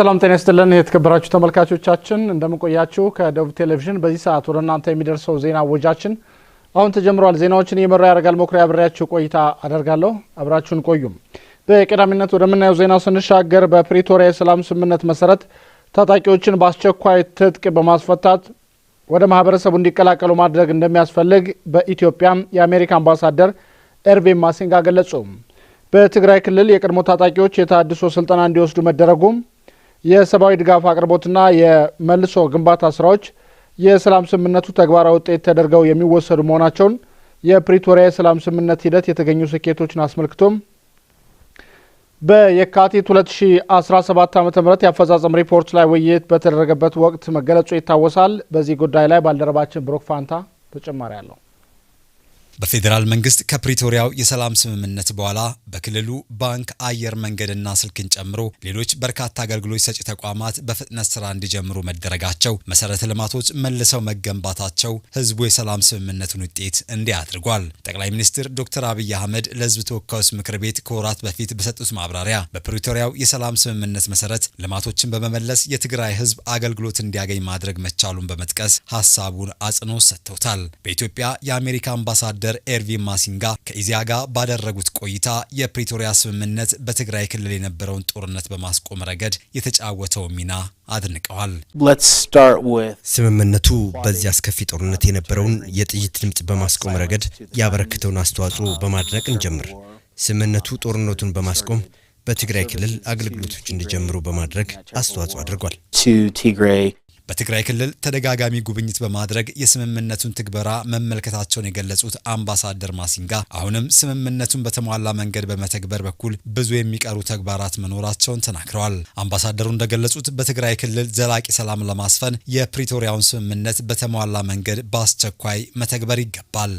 ሰላም ጤና ይስጥልን የተከበራችሁ ተመልካቾቻችን እንደምንቆያችሁ ከደቡብ ቴሌቪዥን በዚህ ሰዓት ወደ እናንተ የሚደርሰው ዜና ወጃችን አሁን ተጀምሯል። ዜናዎችን እየመራ ያደርጋል መኩሪያ አብሬያችሁ ቆይታ አደርጋለሁ። አብራችሁን ቆዩም። በቀዳሚነት ወደምናየው ዜናው ስንሻገር በፕሪቶሪያ የሰላም ስምምነት መሰረት ታጣቂዎችን በአስቸኳይ ትጥቅ በማስፈታት ወደ ማህበረሰቡ እንዲቀላቀሉ ማድረግ እንደሚያስፈልግ በኢትዮጵያ የአሜሪካ አምባሳደር ኤርቬ ማሲንጋ ገለጹ። በትግራይ ክልል የቀድሞ ታጣቂዎች የተሃድሶ ስልጠና እንዲወስዱ መደረጉም የሰብአዊ ድጋፍ አቅርቦትና የመልሶ ግንባታ ስራዎች የሰላም ስምምነቱ ተግባራዊ ውጤት ተደርገው የሚወሰዱ መሆናቸውን የፕሪቶሪያ የሰላም ስምምነት ሂደት የተገኙ ስኬቶችን አስመልክቶም በየካቲት 2017 ዓ ም የአፈጻጸም ሪፖርት ላይ ውይይት በተደረገበት ወቅት መገለጹ ይታወሳል። በዚህ ጉዳይ ላይ ባልደረባችን ብሮክ ፋንታ ተጨማሪ አለው። በፌዴራል መንግስት ከፕሪቶሪያው የሰላም ስምምነት በኋላ በክልሉ ባንክ፣ አየር መንገድና ስልክን ጨምሮ ሌሎች በርካታ አገልግሎት ሰጪ ተቋማት በፍጥነት ስራ እንዲጀምሩ መደረጋቸው መሰረተ ልማቶች መልሰው መገንባታቸው ህዝቡ የሰላም ስምምነቱን ውጤት እንዲህ አድርጓል። ጠቅላይ ሚኒስትር ዶክተር አብይ አህመድ ለህዝብ ተወካዮች ምክር ቤት ከወራት በፊት በሰጡት ማብራሪያ በፕሪቶሪያው የሰላም ስምምነት መሰረት ልማቶችን በመመለስ የትግራይ ህዝብ አገልግሎት እንዲያገኝ ማድረግ መቻሉን በመጥቀስ ሀሳቡን አጽንኦት ሰጥተውታል። በኢትዮጵያ የአሜሪካ አምባሳደር አምባሳደር ኤርቪን ማሲንጋ ከኢዚያ ጋር ባደረጉት ቆይታ የፕሪቶሪያ ስምምነት በትግራይ ክልል የነበረውን ጦርነት በማስቆም ረገድ የተጫወተው ሚና አድንቀዋል። ስምምነቱ በዚህ አስከፊ ጦርነት የነበረውን የጥይት ድምፅ በማስቆም ረገድ ያበረከተውን አስተዋጽኦ በማድነቅ እንጀምር። ስምምነቱ ጦርነቱን በማስቆም በትግራይ ክልል አገልግሎቶች እንዲጀምሩ በማድረግ አስተዋጽኦ አድርጓል። በትግራይ ክልል ተደጋጋሚ ጉብኝት በማድረግ የስምምነቱን ትግበራ መመልከታቸውን የገለጹት አምባሳደር ማሲንጋ አሁንም ስምምነቱን በተሟላ መንገድ በመተግበር በኩል ብዙ የሚቀሩ ተግባራት መኖራቸውን ተናግረዋል። አምባሳደሩ እንደገለጹት በትግራይ ክልል ዘላቂ ሰላም ለማስፈን የፕሪቶሪያውን ስምምነት በተሟላ መንገድ በአስቸኳይ መተግበር ይገባል።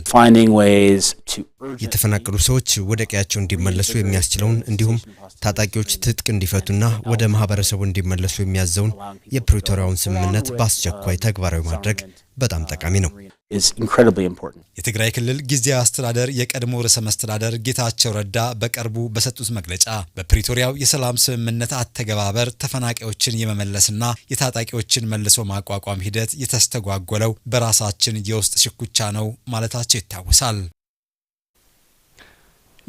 የተፈናቀሉ ሰዎች ወደ ቀያቸው እንዲመለሱ የሚያስችለውን እንዲሁም ታጣቂዎች ትጥቅ እንዲፈቱና ወደ ማህበረሰቡ እንዲመለሱ የሚያዘውን የፕሪቶሪያውን ስምምነት በአስቸኳይ ተግባራዊ ማድረግ በጣም ጠቃሚ ነው። የትግራይ ክልል ጊዜያዊ አስተዳደር የቀድሞ ርዕሰ መስተዳደር ጌታቸው ረዳ በቅርቡ በሰጡት መግለጫ በፕሪቶሪያው የሰላም ስምምነት አተገባበር ተፈናቃዮችን የመመለስና የታጣቂዎችን መልሶ ማቋቋም ሂደት የተስተጓጎለው በራሳችን የውስጥ ሽኩቻ ነው ማለታቸው ይታወሳል።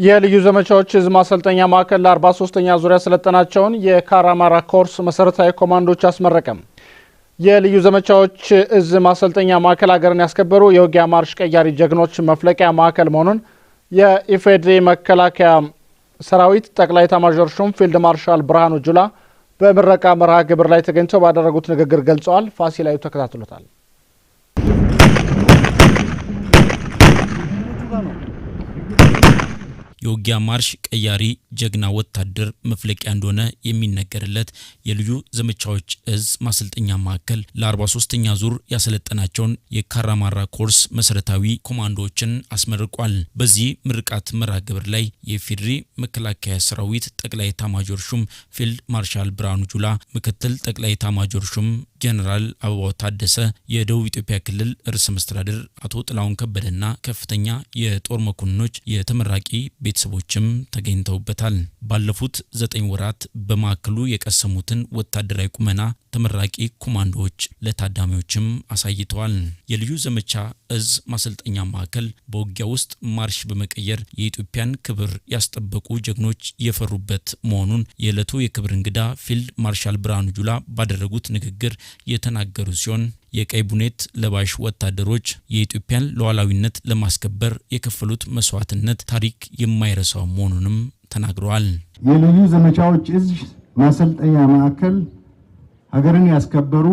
የልዩ ዘመቻዎች ህዝብ ማሰልጠኛ ማዕከል ለ43ኛ ዙሪያ ስልጠናቸውን የካራማራ ኮርስ መሰረታዊ ኮማንዶች አስመረቀም። የልዩ ዘመቻዎች እዝ ማሰልጠኛ ማዕከል ሀገርን ያስከበሩ የውጊያ ማርሽ ቀያሪ ጀግኖች መፍለቂያ ማዕከል መሆኑን የኢፌድሪ መከላከያ ሰራዊት ጠቅላይ ኤታማዦር ሹም ፊልድ ማርሻል ብርሃኑ ጁላ በምረቃ መርሃ ግብር ላይ ተገኝተው ባደረጉት ንግግር ገልጸዋል። ፋሲላዩ ተከታትሎታል። የውጊያ ማርሽ ቀያሪ ጀግና ወታደር መፍለቂያ እንደሆነ የሚነገርለት የልዩ ዘመቻዎች እዝ ማሰልጠኛ ማዕከል ለ43ኛ ዙር ያሰለጠናቸውን የካራማራ ኮርስ መሰረታዊ ኮማንዶዎችን አስመርቋል። በዚህ ምርቃት መርሃ ግብር ላይ የፌዴሪ መከላከያ ሰራዊት ጠቅላይ ታማጆር ሹም ፊልድ ማርሻል ብርሃኑ ጁላ፣ ምክትል ጠቅላይ ታማጆር ሹም ጀነራል አበባው ታደሰ፣ የደቡብ ኢትዮጵያ ክልል ርዕሰ መስተዳድር አቶ ጥላሁን ከበደና ከፍተኛ የጦር መኮንኖች የተመራቂ ቤተሰቦችም ተገኝተውበታል። ባለፉት ዘጠኝ ወራት በማዕከሉ የቀሰሙትን ወታደራዊ ቁመና ተመራቂ ኮማንዶዎች ለታዳሚዎችም አሳይተዋል። የልዩ ዘመቻ እዝ ማሰልጠኛ ማዕከል በውጊያ ውስጥ ማርሽ በመቀየር የኢትዮጵያን ክብር ያስጠበቁ ጀግኖች የፈሩበት መሆኑን የዕለቱ የክብር እንግዳ ፊልድ ማርሻል ብርሃኑ ጁላ ባደረጉት ንግግር የተናገሩ ሲሆን የቀይ ቡኔት ለባሽ ወታደሮች የኢትዮጵያን ሉዓላዊነት ለማስከበር የከፈሉት መስዋዕትነት ታሪክ የማይረሳው መሆኑንም ተናግረዋል። የልዩ ዘመቻዎች እዝ ማሰልጠኛ ማዕከል ሀገርን ያስከበሩ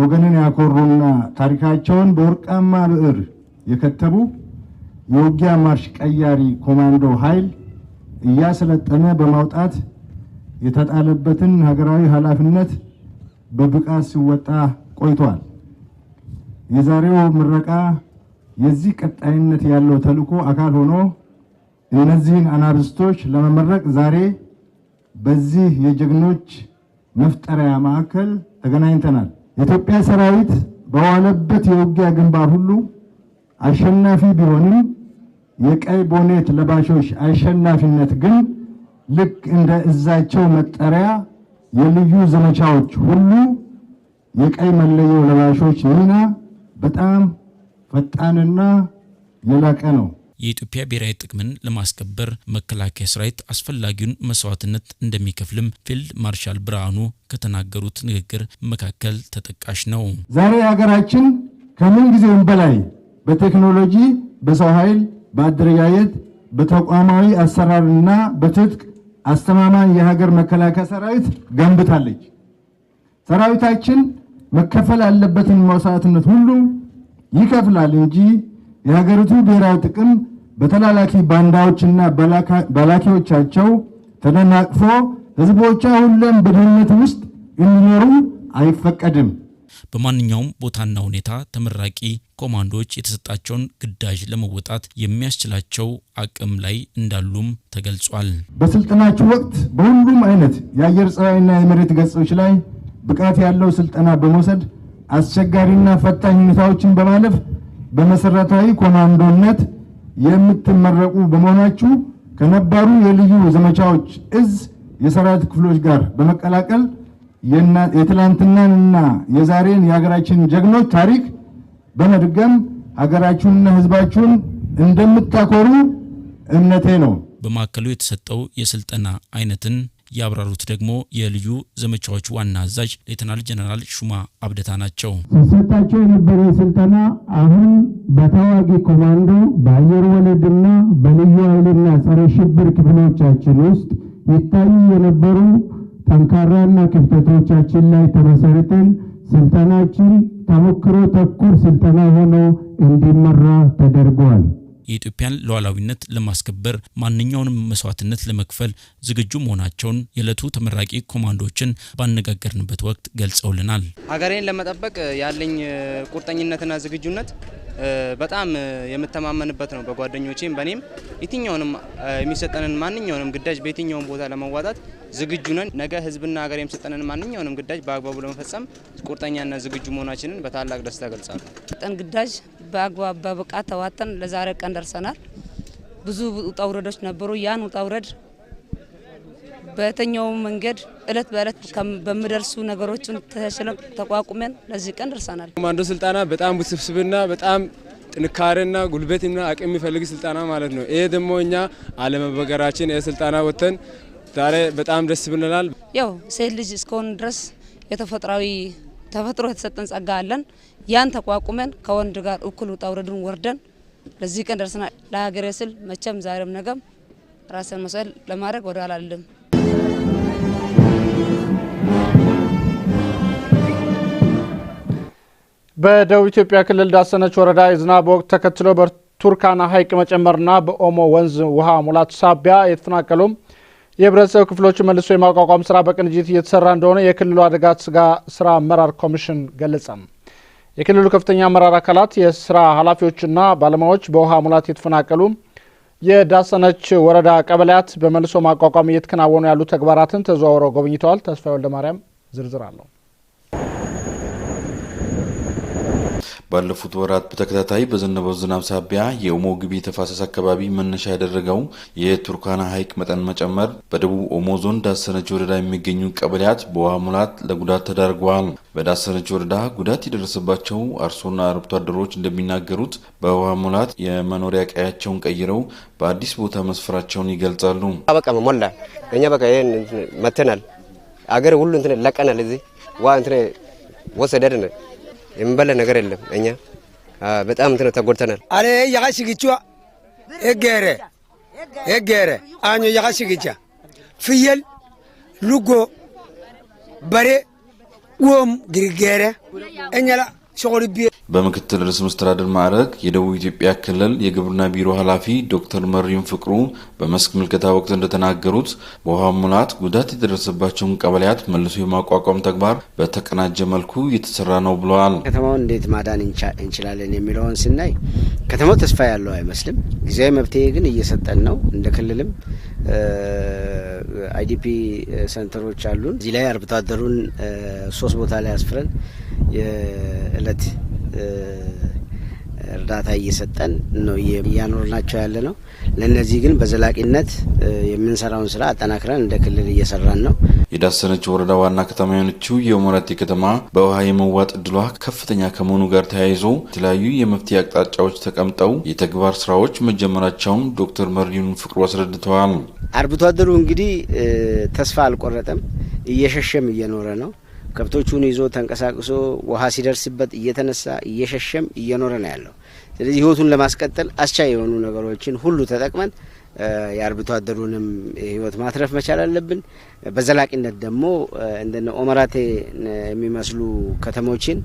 ወገንን ያኮሩና ታሪካቸውን በወርቃማ ብዕር የከተቡ የውጊያ ማርሽ ቀያሪ ኮማንዶ ኃይል እያሰለጠነ በማውጣት የተጣለበትን ሀገራዊ ኃላፊነት በብቃት ሲወጣ ቆይቷል። የዛሬው ምረቃ የዚህ ቀጣይነት ያለው ተልዕኮ አካል ሆኖ እነዚህን አናብስቶች ለመመረቅ ዛሬ በዚህ የጀግኖች መፍጠሪያ ማዕከል ተገናኝተናል። የኢትዮጵያ ሰራዊት በዋለበት የውጊያ ግንባር ሁሉ አሸናፊ ቢሆንም የቀይ ቦኔት ለባሾች አሸናፊነት ግን ልክ እንደ እዛቸው መጠሪያ የልዩ ዘመቻዎች ሁሉ የቀይ መለያው ለባሾች ሚና በጣም ፈጣንና የላቀ ነው። የኢትዮጵያ ብሔራዊ ጥቅምን ለማስከበር መከላከያ ሰራዊት አስፈላጊውን መስዋዕትነት እንደሚከፍልም ፊልድ ማርሻል ብርሃኑ ከተናገሩት ንግግር መካከል ተጠቃሽ ነው። ዛሬ ሀገራችን ከምን ጊዜውም በላይ በቴክኖሎጂ፣ በሰው ኃይል፣ በአደረጃጀት፣ በተቋማዊ አሰራርና በትጥቅ አስተማማኝ የሀገር መከላከያ ሰራዊት ገንብታለች። ሰራዊታችን መከፈል ያለበትን መስዋዕትነት ሁሉ ይከፍላል እንጂ የሀገሪቱ ብሔራዊ ጥቅም በተላላኪ ባንዳዎችና በላኪዎቻቸው ተደናቅፎ ህዝቦቿ ሁሉም በድህነት ውስጥ እንዲኖሩ አይፈቀድም። በማንኛውም ቦታና ሁኔታ ተመራቂ ኮማንዶዎች የተሰጣቸውን ግዳጅ ለመወጣት የሚያስችላቸው አቅም ላይ እንዳሉም ተገልጿል። በስልጠናችሁ ወቅት በሁሉም አይነት የአየር ጸባይና የመሬት ገጾች ላይ ብቃት ያለው ስልጠና በመውሰድ አስቸጋሪና ፈታኝ ሁኔታዎችን በማለፍ በመሰረታዊ ኮማንዶነት የምትመረቁ በመሆናችሁ ከነባሩ የልዩ ዘመቻዎች እዝ የሰራዊት ክፍሎች ጋር በመቀላቀል የትላንትናንና የዛሬን የሀገራችን ጀግኖች ታሪክ በመድገም ሀገራችሁንና ሕዝባችሁን እንደምታኮሩ እምነቴ ነው። በማዕከሉ የተሰጠው የስልጠና አይነትን ያብራሩት ደግሞ የልዩ ዘመቻዎች ዋና አዛዥ ሌተናል ጀነራል ሹማ አብደታ ናቸው። ሲሰጣቸው የነበረ ስልጠና አሁን በተዋጊ ኮማንዶ በአየር ወለድና በልዩ ኃይልና ጸረ ሽብር ክፍሎቻችን ውስጥ ይታዩ የነበሩ ጠንካራና ክፍተቶቻችን ላይ ተመሰርተን ስልጠናችን ተሞክሮ ተኮር ስልጠና ሆኖ እንዲመራ ተደርጓል። የኢትዮጵያን ሉዓላዊነት ለማስከበር ማንኛውንም መስዋዕትነት ለመክፈል ዝግጁ መሆናቸውን የዕለቱ ተመራቂ ኮማንዶዎችን ባነጋገርንበት ወቅት ገልጸውልናል። ሀገሬን ለመጠበቅ ያለኝ ቁርጠኝነትና ዝግጁነት በጣም የምተማመንበት ነው። በጓደኞቼም በእኔም የትኛውንም የሚሰጠንን ማንኛውንም ግዳጅ በየትኛውም ቦታ ለመዋጣት ዝግጁ ነን። ነገ ህዝብና ሀገር የሚሰጠንን ማንኛውንም ግዳጅ በአግባቡ ለመፈጸም ቁርጠኛና ዝግጁ መሆናችንን በታላቅ ደስታ ገልጻሉ። ጠን ግዳጅ በአግባብ በብቃት ተዋጠን ለዛሬ ቀን ደርሰናል። ብዙ ውጣ ውረዶች ነበሩ። ያን ውጣ ውረድ በየትኛውም መንገድ እለት በእለት በሚደርሱ ነገሮችን ተችለን ተቋቁመን ለዚህ ቀን ደርሰናል። ኮማንዶ ስልጠና በጣም ውስብስብና በጣም ጥንካሬና ጉልበትና አቅም የሚፈልግ ስልጠና ማለት ነው። ይሄ ደግሞ እኛ አለመበገራችን ይህ ስልጠና ወጥተን ዛሬ በጣም ደስ ብለናል። ያው ሴት ልጅ እስከሆን ድረስ የተፈጥሯዊ ተፈጥሮ የተሰጠን ጸጋ አለን። ያን ተቋቁመን ከወንድ ጋር እኩል ውጣ ውረዱን ወርደን ለዚህ ቀን ደርሰናል። ለሀገሬ ስል መቼም ዛሬም ነገም ራስን መስዋዕት ለማድረግ ወደ አላልም በደቡብ ኢትዮጵያ ክልል ዳሰነች ወረዳ የዝናብ ወቅት ተከትሎ በቱርካና ሐይቅ መጨመርና በኦሞ ወንዝ ውሃ ሙላት ሳቢያ የተፈናቀሉ የህብረተሰብ ክፍሎች መልሶ የማቋቋም ስራ በቅንጅት እየተሰራ እንደሆነ የክልሉ አደጋ ስራ አመራር ኮሚሽን ገለጸ። የክልሉ ከፍተኛ አመራር አካላት፣ የስራ ኃላፊዎችና ባለሙያዎች በውሃ ሙላት የተፈናቀሉ የዳሰነች ወረዳ ቀበሌያት በመልሶ ማቋቋም እየተከናወኑ ያሉ ተግባራትን ተዘዋውረው ጎብኝተዋል። ተስፋ ወልደማርያም ዝርዝር አለው። ባለፉት ወራት በተከታታይ በዘነበው ዝናብ ሳቢያ የኦሞ ግቢ ተፋሰስ አካባቢ መነሻ ያደረገው የቱርካና ሐይቅ መጠን መጨመር በደቡብ ኦሞ ዞን ዳሰነች ወረዳ የሚገኙ ቀበሌያት በውሃ ሙላት ለጉዳት ተዳርገዋል። በዳሰነች ወረዳ ጉዳት የደረሰባቸው አርሶና አርብቶ አደሮች እንደሚናገሩት በውሃ ሙላት የመኖሪያ ቀያቸውን ቀይረው በአዲስ ቦታ መስፈራቸውን ይገልጻሉ። በቃ ሞላ እኛ በቃ መተናል አገር ሁሉ እንትን ለቀናል። እዚህ እንትን የምንበላ ነገር የለም። እኛ በጣም እንትን ተጎድተናል። አለ ያቃሽግቹ ኤገረ ኤገረ አኞ ያቃሽግቻ ፍየል፣ ልጎ በሬ፣ ወም ግርጌረ እኛላ ሸቆርቤ በምክትል ርዕሰ መስተዳድር ማዕረግ የደቡብ ኢትዮጵያ ክልል የግብርና ቢሮ ኃላፊ ዶክተር መሪም ፍቅሩ በመስክ ምልከታ ወቅት እንደተናገሩት በውሃ ሙላት ጉዳት የደረሰባቸውን ቀበሌያት መልሶ የማቋቋም ተግባር በተቀናጀ መልኩ እየተሰራ ነው ብለዋል። ከተማውን እንዴት ማዳን እንችላለን የሚለውን ስናይ ከተማው ተስፋ ያለው አይመስልም። ጊዜያዊ መፍትሄ ግን እየሰጠን ነው። እንደ ክልልም አይዲፒ ሴንተሮች አሉን። እዚህ ላይ አርብቶ አደሩን ሶስት ቦታ ላይ አስፍረን የእለት እርዳታ እየሰጠን ነው እያኖር ናቸው ያለ ነው። ለእነዚህ ግን በዘላቂነት የምንሰራውን ስራ አጠናክረን እንደ ክልል እየሰራን ነው። የዳሰነች ወረዳ ዋና ከተማ የሆነችው የኦመራቴ ከተማ በውሃ የመዋጥ እድሏ ከፍተኛ ከመሆኑ ጋር ተያይዞ የተለያዩ የመፍትሄ አቅጣጫዎች ተቀምጠው የተግባር ስራዎች መጀመራቸውን ዶክተር መሪሁን ፍቅሩ አስረድተዋል። አርብቶ አደሩ እንግዲህ ተስፋ አልቆረጠም፣ እየሸሸም እየኖረ ነው። ከብቶቹን ይዞ ተንቀሳቅሶ ውሃ ሲደርስበት እየተነሳ እየሸሸም እየኖረ ነው ያለው። ስለዚህ ህይወቱን ለማስቀጠል አስቻ የሆኑ ነገሮችን ሁሉ ተጠቅመን የአርብቶ አደሩንም ህይወት ማትረፍ መቻል አለብን። በዘላቂነት ደግሞ እንደነ ኦመራቴ የሚመስሉ ከተሞችን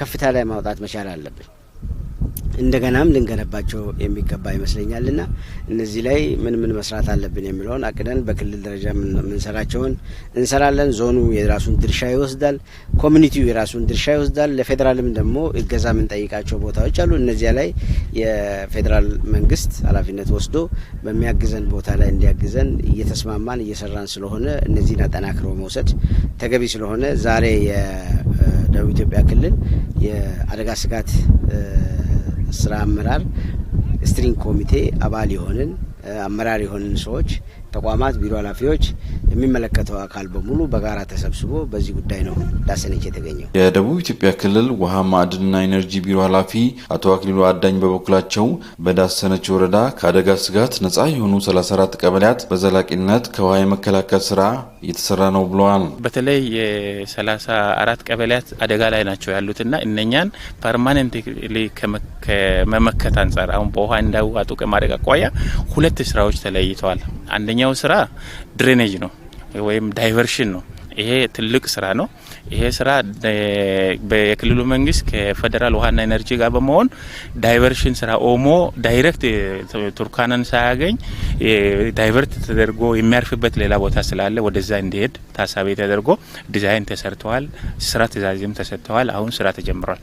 ከፍታ ላይ ማውጣት መቻል አለብን። እንደገናም ልንገነባቸው የሚገባ ይመስለኛል ና እነዚህ ላይ ምን ምን መስራት አለብን የሚለውን አቅደን በክልል ደረጃ ምንሰራቸውን እንሰራለን። ዞኑ የራሱን ድርሻ ይወስዳል፣ ኮሚኒቲው የራሱን ድርሻ ይወስዳል። ለፌዴራልም ደግሞ እገዛ የምንጠይቃቸው ቦታዎች አሉ። እነዚያ ላይ የፌዴራል መንግስት ኃላፊነት ወስዶ በሚያግዘን ቦታ ላይ እንዲያግዘን እየተስማማን እየሰራን ስለሆነ እነዚህን አጠናክሮ መውሰድ ተገቢ ስለሆነ ዛሬ የደቡብ ኢትዮጵያ ክልል የአደጋ ስጋት ስራ አመራር ስትሪንግ ኮሚቴ አባል የሆንን አመራር የሆንን ሰዎች፣ ተቋማት፣ ቢሮ ኃላፊዎች የሚመለከተው አካል በሙሉ በጋራ ተሰብስቦ በዚህ ጉዳይ ነው ዳሰነች የተገኘው። የደቡብ ኢትዮጵያ ክልል ውሃ ማዕድንና ኢነርጂ ቢሮ ኃላፊ አቶ አክሊሉ አዳኝ በበኩላቸው በዳሰነች ወረዳ ከአደጋ ስጋት ነጻ የሆኑ 34 ቀበሌያት በዘላቂነት ከውሃ የመከላከል ስራ እየተሰራ ነው ብለዋል። በተለይ የ34 ቀበሌያት አደጋ ላይ ናቸው ያሉትና እነኛን ፐርማነንት ከመመከት አንጻር አሁን በውሃ እንዳዋጡ ከማድረግ አኳያ ሁለት ስራዎች ተለይተዋል። አንደኛው ስራ ድሬኔጅ ነው። ወይም ዳይቨርሽን ነው። ይሄ ትልቅ ስራ ነው። ይሄ ስራ የክልሉ መንግስት ከፌዴራል ውሃና ኤነርጂ ጋር በመሆን ዳይቨርሽን ስራ ኦሞ ዳይሬክት ቱርካናን ሳያገኝ ዳይቨርት ተደርጎ የሚያርፍበት ሌላ ቦታ ስላለ ወደዛ እንዲሄድ ታሳቢ ተደርጎ ዲዛይን ተሰርተዋል። ስራ ትእዛዝም ተሰጥተዋል። አሁን ስራ ተጀምሯል።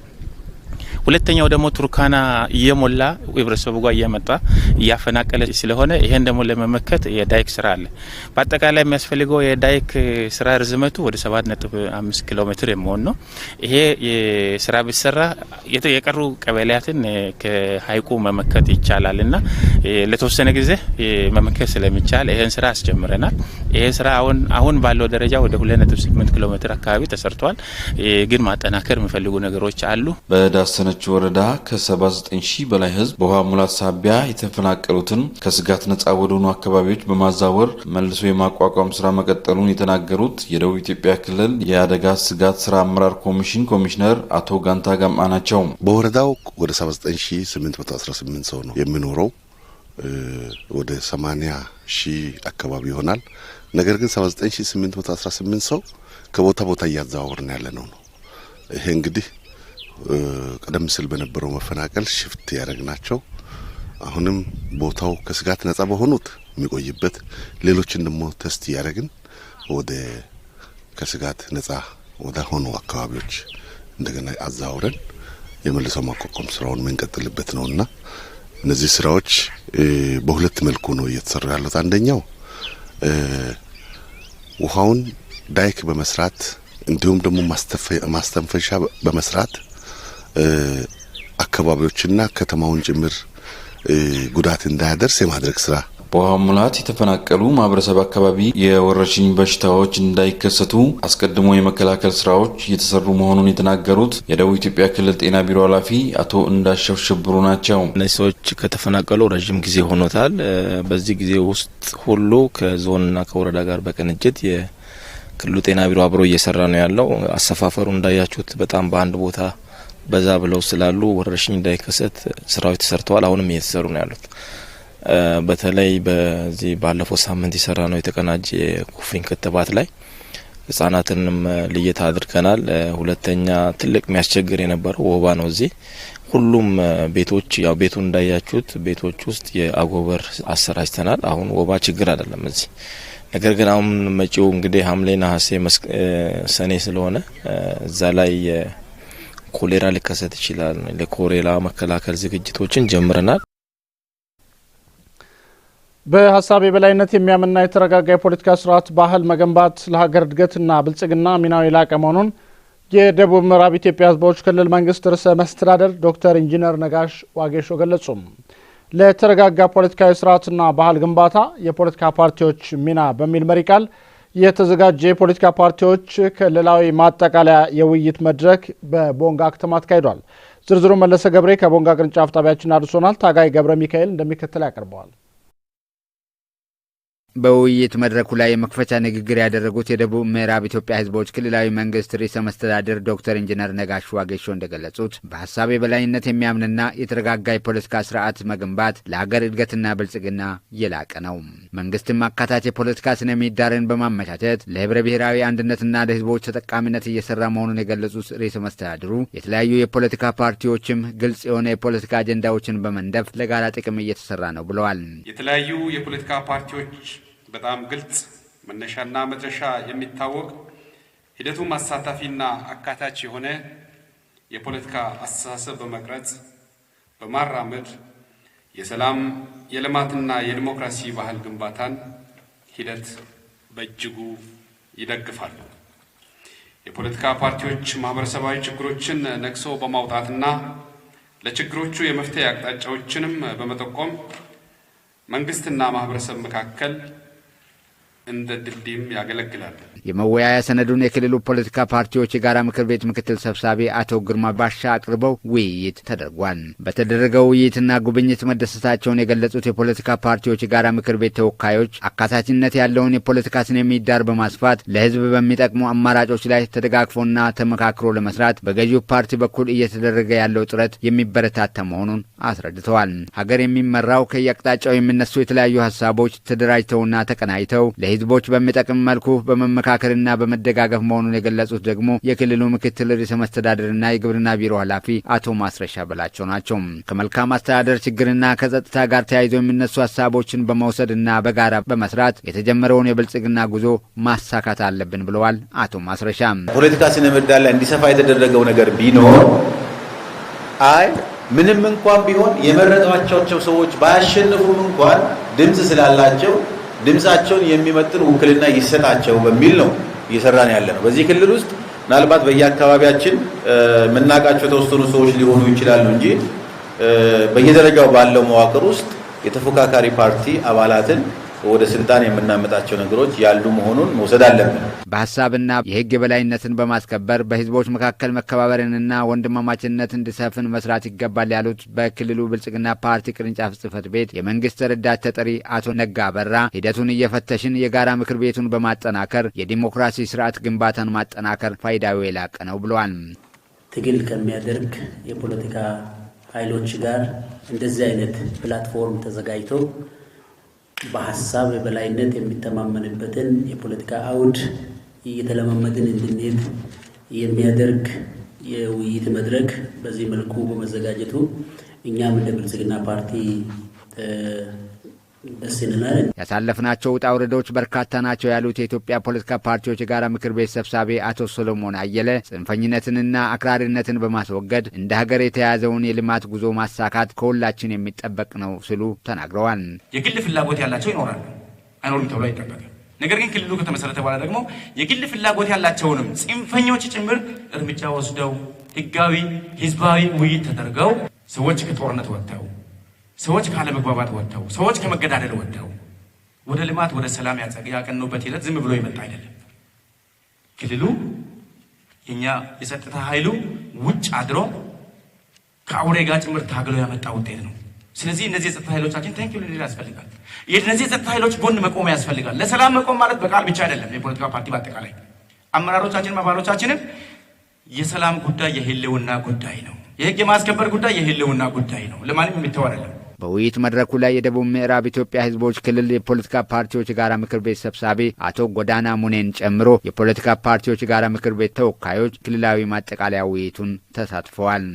ሁለተኛው ደግሞ ቱርካና እየሞላ ህብረተሰቡ ጋር እየመጣ እያፈናቀለ ስለሆነ ይሄን ደግሞ ለመመከት የዳይክ ስራ አለ። በአጠቃላይ የሚያስፈልገው የዳይክ ስራ ርዝመቱ ወደ 7.5 ኪሎ ሜትር የመሆን ነው። ይሄ ስራ ቢሰራ የቀሩ ቀበሌያትን ከሀይቁ መመከት ይቻላል እና ለተወሰነ ጊዜ መመከት ስለሚቻል ይህን ስራ አስጀምረናል። ይህ ስራ አሁን ባለው ደረጃ ወደ 2.8 ኪሎ ሜትር አካባቢ ተሰርቷል። ግን ማጠናከር የሚፈልጉ ነገሮች አሉ። በዳሰነ በታች ወረዳ ከ79 ሺህ በላይ ህዝብ በውሃ ሙላት ሳቢያ የተፈናቀሉትን ከስጋት ነጻ ወደሆኑ አካባቢዎች በማዛወር መልሶ የማቋቋም ስራ መቀጠሉን የተናገሩት የደቡብ ኢትዮጵያ ክልል የአደጋ ስጋት ስራ አመራር ኮሚሽን ኮሚሽነር አቶ ጋንታ ጋማ ናቸው። በወረዳው ወደ 79818 ሰው ነው የሚኖረው። ወደ 80 ሺህ አካባቢ ይሆናል። ነገር ግን 79818 ሰው ከቦታ ቦታ እያዘዋወርን ያለ ነው ነው ይሄ እንግዲህ ቀደም ሲል በነበረው መፈናቀል ሽፍት ናቸው። አሁንም ቦታው ከስጋት ነጻ በሆኑት የሚቆይበት ሌሎችን ደግሞ ተስት እያደረግን ወደ ከስጋት ነጻ ወደ ሆኑ አካባቢዎች እንደገና አዛውረን የመልሶ ማቋቋም ስራውን የምንቀጥልበት ነው እና እነዚህ ስራዎች በሁለት መልኩ ነው እየተሰሩ ያሉት። አንደኛው ውሃውን ዳይክ በመስራት እንዲሁም ደግሞ ማስተንፈሻ በመስራት አካባቢዎችና ከተማውን ጭምር ጉዳት እንዳያደርስ የማድረግ ስራ በውሃ ሙላት የተፈናቀሉ ማህበረሰብ አካባቢ የወረርሽኝ በሽታዎች እንዳይከሰቱ አስቀድሞ የመከላከል ስራዎች እየተሰሩ መሆኑን የተናገሩት የደቡብ ኢትዮጵያ ክልል ጤና ቢሮ ኃላፊ አቶ እንዳሸብሸብሩ ሽብሩ ናቸው። እነዚህ ሰዎች ከተፈናቀሉ ረዥም ጊዜ ሆኖታል። በዚህ ጊዜ ውስጥ ሁሉ ከዞንና ከወረዳ ጋር በቅንጅት የክልሉ ጤና ቢሮ አብሮ እየሰራ ነው ያለው። አሰፋፈሩ እንዳያችሁት በጣም በአንድ ቦታ በዛ ብለው ስላሉ ወረርሽኝ እንዳይከሰት ስራዎች ተሰርተዋል። አሁንም እየተሰሩ ነው ያሉት። በተለይ በዚህ ባለፈው ሳምንት የሰራ ነው የተቀናጀ የኩፍኝ ክትባት ላይ ህጻናትንም ልየት አድርገናል። ሁለተኛ ትልቅ የሚያስቸግር የነበረው ወባ ነው። እዚህ ሁሉም ቤቶች ያው ቤቱ እንዳያችሁት ቤቶች ውስጥ የአጎበር አሰራጭተናል። አሁን ወባ ችግር አይደለም እዚህ ነገር ግን አሁን መጪው እንግዲህ ሐምሌ፣ ነሐሴ፣ ሰኔ ስለሆነ እዛ ላይ ኮሌራ ሊከሰት ይችላል። ለኮሌራ መከላከል ዝግጅቶችን ጀምረናል። በሀሳብ የበላይነት የሚያምንና የተረጋጋ የፖለቲካ ስርዓት ባህል መገንባት ለሀገር እድገትና ብልጽግና ሚናው የላቀ መሆኑን የደቡብ ምዕራብ ኢትዮጵያ ህዝቦች ክልል መንግስት ርዕሰ መስተዳደር ዶክተር ኢንጂነር ነጋሽ ዋጌሾ ገለጹም። ለተረጋጋ ፖለቲካዊ ስርዓትና ባህል ግንባታ የፖለቲካ ፓርቲዎች ሚና በሚል መሪ ቃል የተዘጋጀ የፖለቲካ ፓርቲዎች ክልላዊ ማጠቃለያ የውይይት መድረክ በቦንጋ ከተማ ተካሂዷል። ዝርዝሩ መለሰ ገብሬ ከቦንጋ ቅርንጫፍ ጣቢያችን አድርሶናል። ታጋይ ገብረ ሚካኤል እንደሚከተል ያቀርበዋል። በውይይት መድረኩ ላይ የመክፈቻ ንግግር ያደረጉት የደቡብ ምዕራብ ኢትዮጵያ ህዝቦች ክልላዊ መንግስት ርዕሰ መስተዳድር ዶክተር ኢንጂነር ነጋሽ ዋጌሾ እንደገለጹት በሀሳብ የበላይነት የሚያምንና የተረጋጋ የፖለቲካ ስርዓት መገንባት ለሀገር እድገትና ብልጽግና የላቀ ነው። መንግስትም አካታች የፖለቲካ ስነ ምህዳርን በማመቻቸት ለህብረ ብሔራዊ አንድነትና ለህዝቦች ተጠቃሚነት እየሰራ መሆኑን የገለጹት ርዕሰ መስተዳድሩ የተለያዩ የፖለቲካ ፓርቲዎችም ግልጽ የሆነ የፖለቲካ አጀንዳዎችን በመንደፍ ለጋራ ጥቅም እየተሰራ ነው ብለዋል። የተለያዩ የፖለቲካ ፓርቲዎች በጣም ግልጽ መነሻና መድረሻ የሚታወቅ ሂደቱም አሳታፊና አካታች የሆነ የፖለቲካ አስተሳሰብ በመቅረጽ በማራመድ የሰላም የልማትና የዲሞክራሲ ባህል ግንባታን ሂደት በእጅጉ ይደግፋሉ። የፖለቲካ ፓርቲዎች ማህበረሰባዊ ችግሮችን ነቅሶ በማውጣትና ለችግሮቹ የመፍትሄ አቅጣጫዎችንም በመጠቆም መንግስትና ማህበረሰብ መካከል እንደ ድልድይም ያገለግላል። የመወያያ ሰነዱን የክልሉ ፖለቲካ ፓርቲዎች የጋራ ምክር ቤት ምክትል ሰብሳቢ አቶ ግርማ ባሻ አቅርበው ውይይት ተደርጓል። በተደረገው ውይይትና ጉብኝት መደሰታቸውን የገለጹት የፖለቲካ ፓርቲዎች የጋራ ምክር ቤት ተወካዮች አካታችነት ያለውን የፖለቲካ ስነ ምህዳር በማስፋት ለሕዝብ በሚጠቅሙ አማራጮች ላይ ተደጋግፎና ተመካክሮ ለመስራት በገዢው ፓርቲ በኩል እየተደረገ ያለው ጥረት የሚበረታታ መሆኑን አስረድተዋል። ሀገር የሚመራው ከየአቅጣጫው የሚነሱ የተለያዩ ሀሳቦች ተደራጅተውና ተቀናጅተው ለህዝቦች በሚጠቅም መልኩ በመመካከልና በመደጋገፍ መሆኑን የገለጹት ደግሞ የክልሉ ምክትል ርዕሰ መስተዳደርና የግብርና ቢሮ ኃላፊ አቶ ማስረሻ በላቸው ናቸው። ከመልካም አስተዳደር ችግርና ከጸጥታ ጋር ተያይዞ የሚነሱ ሀሳቦችን በመውሰድና በጋራ በመስራት የተጀመረውን የብልጽግና ጉዞ ማሳካት አለብን ብለዋል። አቶ ማስረሻ ፖለቲካ ስነ ምህዳር ላይ እንዲሰፋ የተደረገው ነገር ቢኖር አይ ምንም እንኳን ቢሆን የመረጧቸው ሰዎች ባያሸንፉም እንኳን ድምፅ ስላላቸው ድምፃቸውን የሚመጥን ውክልና ይሰጣቸው በሚል ነው እየሰራን ያለ ነው። በዚህ ክልል ውስጥ ምናልባት በየአካባቢያችን የምናውቃቸው የተወሰኑ ሰዎች ሊሆኑ ይችላሉ እንጂ በየደረጃው ባለው መዋቅር ውስጥ የተፎካካሪ ፓርቲ አባላትን ወደ ስልጣን የምናመጣቸው ነገሮች ያሉ መሆኑን መውሰድ አለብን። በሀሳብና የህግ የበላይነትን በማስከበር በህዝቦች መካከል መከባበርንና ወንድማማችነት እንዲሰፍን መስራት ይገባል ያሉት በክልሉ ብልጽግና ፓርቲ ቅርንጫፍ ጽህፈት ቤት የመንግስት ረዳት ተጠሪ አቶ ነጋ በራ ሂደቱን እየፈተሽን የጋራ ምክር ቤቱን በማጠናከር የዲሞክራሲ ስርዓት ግንባታን ማጠናከር ፋይዳዊ የላቀ ነው ብለዋል። ትግል ከሚያደርግ የፖለቲካ ኃይሎች ጋር እንደዚህ አይነት ፕላትፎርም ተዘጋጅቶ በሀሳብ የበላይነት የሚተማመንበትን የፖለቲካ አውድ እየተለማመድን እንድንሄድ የሚያደርግ የውይይት መድረክ በዚህ መልኩ በመዘጋጀቱ እኛም እንደ ብልጽግና ፓርቲ ያሳለፍናቸው ውጣ ውረዶች በርካታ ናቸው ያሉት የኢትዮጵያ ፖለቲካ ፓርቲዎች የጋራ ምክር ቤት ሰብሳቢ አቶ ሶሎሞን አየለ ጽንፈኝነትንና አክራሪነትን በማስወገድ እንደ ሀገር የተያዘውን የልማት ጉዞ ማሳካት ከሁላችን የሚጠበቅ ነው ሲሉ ተናግረዋል። የግል ፍላጎት ያላቸው ይኖራሉ፣ አይኖሩም ተብሎ አይጠበቅም። ነገር ግን ክልሉ ከተመሰረተ በኋላ ደግሞ የግል ፍላጎት ያላቸውንም ጽንፈኞች ጭምር እርምጃ ወስደው ህጋዊ ህዝባዊ ውይይት ተደርገው ሰዎች ከጦርነት ወጥተው ሰዎች ካለመግባባት ወጥተው ሰዎች ከመገዳደል ወጥተው ወደ ልማት ወደ ሰላም ያቀኑበት ሂደት ዝም ብሎ የመጣ አይደለም። ክልሉ የእኛ የጸጥታ ኃይሉ ውጭ አድሮ ከአውሬ ጋር ጭምር ታግሎ ያመጣ ውጤት ነው። ስለዚህ እነዚህ የጸጥታ ኃይሎቻችን ታንኪዩ ልንል ያስፈልጋል። እነዚህ የጸጥታ ኃይሎች ጎን መቆም ያስፈልጋል። ለሰላም መቆም ማለት በቃል ብቻ አይደለም። የፖለቲካ ፓርቲ በአጠቃላይ አመራሮቻችንም አባሎቻችንም የሰላም ጉዳይ የህልውና ጉዳይ ነው። የህግ የማስከበር ጉዳይ የህልውና ጉዳይ ነው። ለማንም የሚተው አይደለም። በውይይት መድረኩ ላይ የደቡብ ምዕራብ ኢትዮጵያ ህዝቦች ክልል የፖለቲካ ፓርቲዎች ጋራ ምክር ቤት ሰብሳቢ አቶ ጎዳና ሙኔን ጨምሮ የፖለቲካ ፓርቲዎች ጋራ ምክር ቤት ተወካዮች ክልላዊ ማጠቃለያ ውይይቱን ተሳትፈዋል።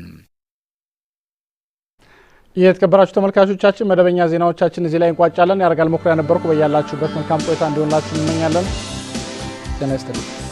የተከበራችሁ ተመልካቾቻችን መደበኛ ዜናዎቻችን እዚህ ላይ እንቋጫለን። ያደርጋል መኩሪያ ነበርኩ። በያላችሁበት መልካም ቆይታ እንዲሆንላችሁ እንመኛለን። ጤና ይስጥልኝ።